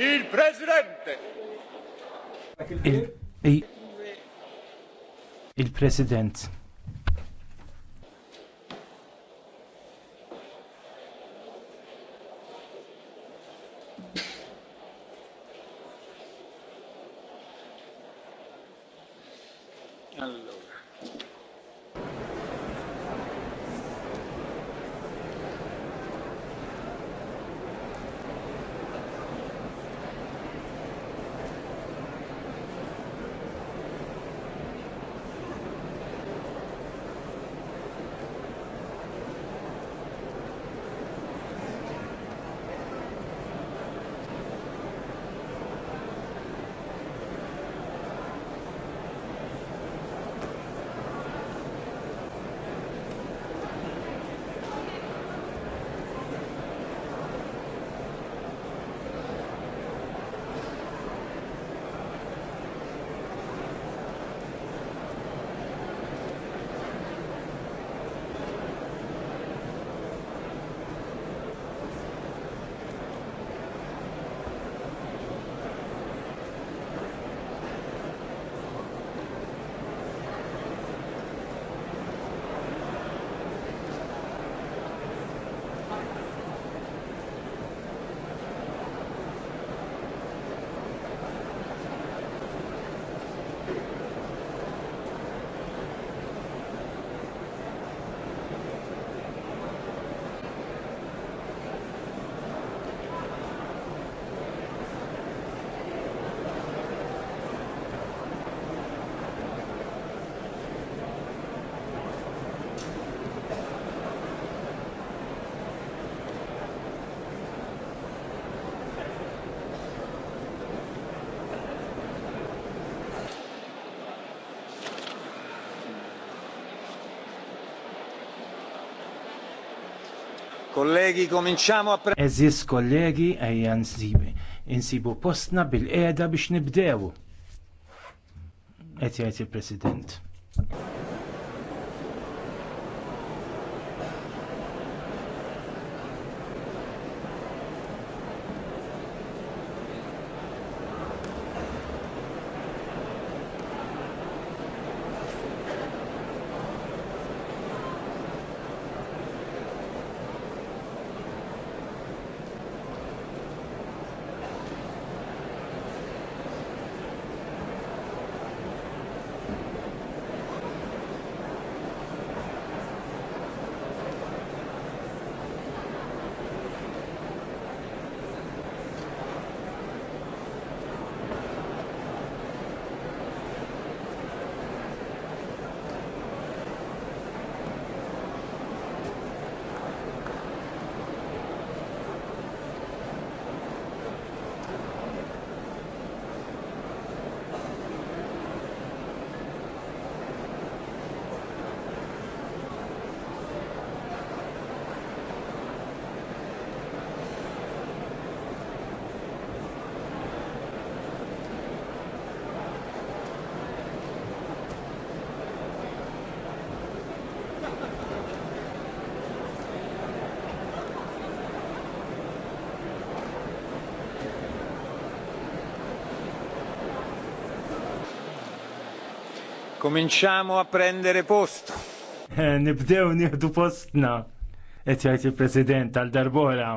il presidente Il-President. Kollegi, kominciamo a pre... Eżis kollegi, ejja nsibi. Insibu postna bil-qeda biex nibdew. Etjajt il-President. Cominciamo a prendere posto. Eh, nibdew nieħdu postna. Et jgħid il-President għal darbora.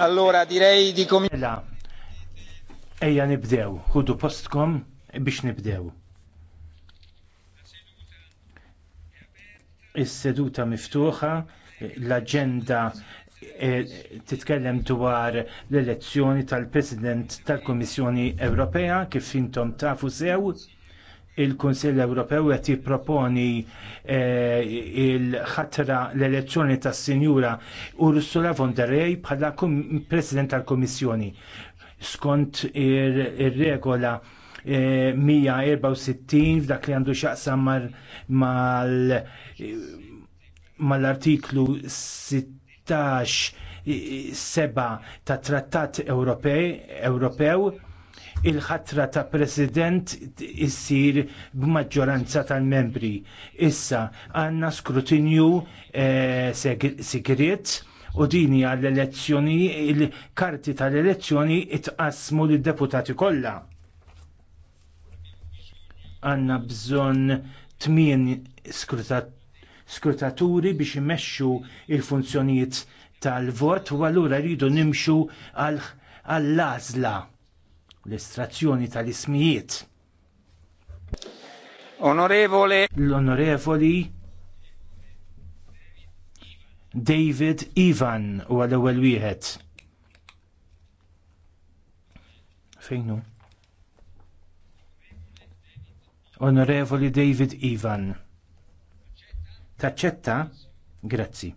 Allora direi di cominciare. Mela, ejja nibdew, ħudu postkom biex nibdew. Is-seduta miftuħa, l agenda eh, titkellem dwar l-elezzjoni tal-President tal-Kummissjoni Ewropea kif intom tafu sew il-Kunsill Ewropew qed jipproponi eh, il-ħatra l-elezzjoni tas-Sinjura Ursula von der Leyen bħala President tal-Kummissjoni skont ir-regola 164 eh, f'dak li għandu xaqsam mal-artiklu 16 seba ta' trattat Ewropew il-ħatra ta' president issir b'maġġoranza tal-membri. Issa għandna skrutinju eh, segret u dini għall-elezzjoni, il-karti tal-elezzjoni itqasmu lid deputati kollha. Għanna bżonn tmien skrutaturi biex imexxu il-funzjonijiet tal-vot u allura rridu nimxu għall-għażla l-istrazzjoni tal-ismijiet. Onorevole. L-onorevoli David Ivan u għal-ewel wieħed. Fejnu? Onorevoli David Ivan. Taċċetta? Grazzi.